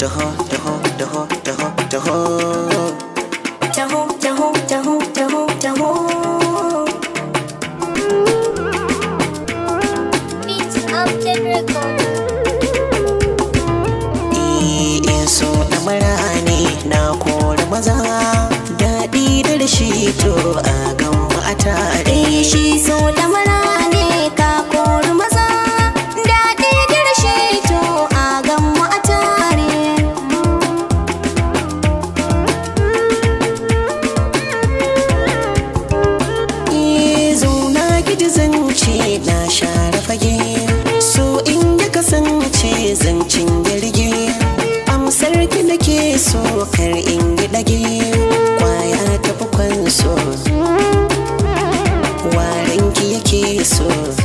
taho taho taho taho so na kori maza daɗi da shi to a gan ba eh, shi so da zance na share fage so in ya kasance zancen girgi amsar ki nake so kar in yi dage kwaya ta bukwan so warin ki yake so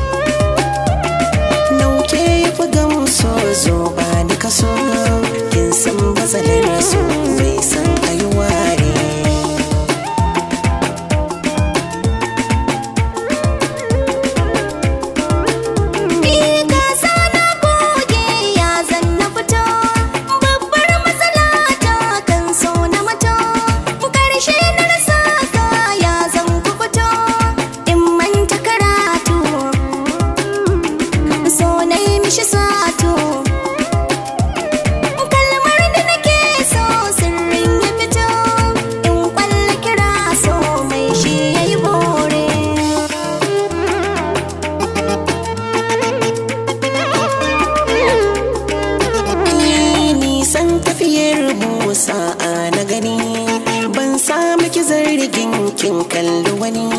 sanadin kin kalli wani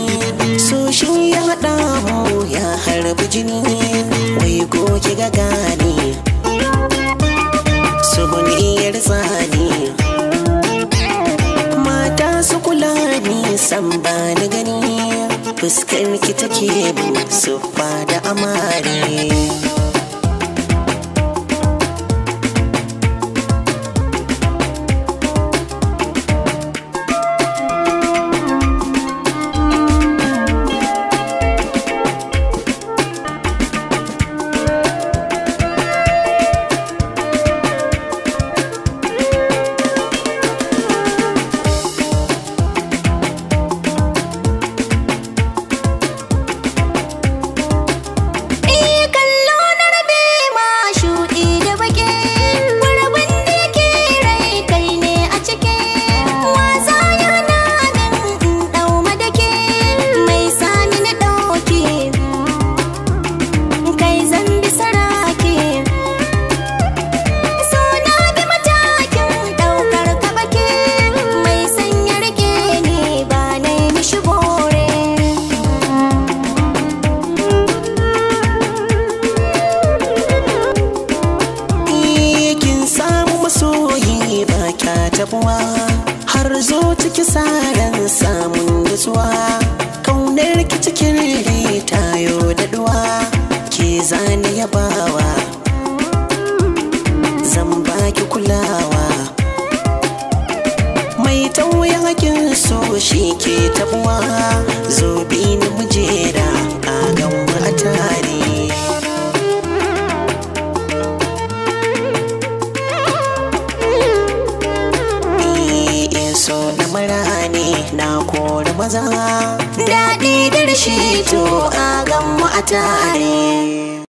so shi ya haɗa mu ya harbi jini wai goge ga gane su zane mata su kula ni san ba ni gani fuskar ki take bu su da amare tabuwa har zo ciki sayan samun nutsuwa kaunar ki cikin tayo daɗuwa ke zani bawa zan baki kulawa mai tauyakin hakin so shi ke tabuwa zo bi ni mujera a gamba a tare rani na kori maza daɗi da rashi to a gan mu a tare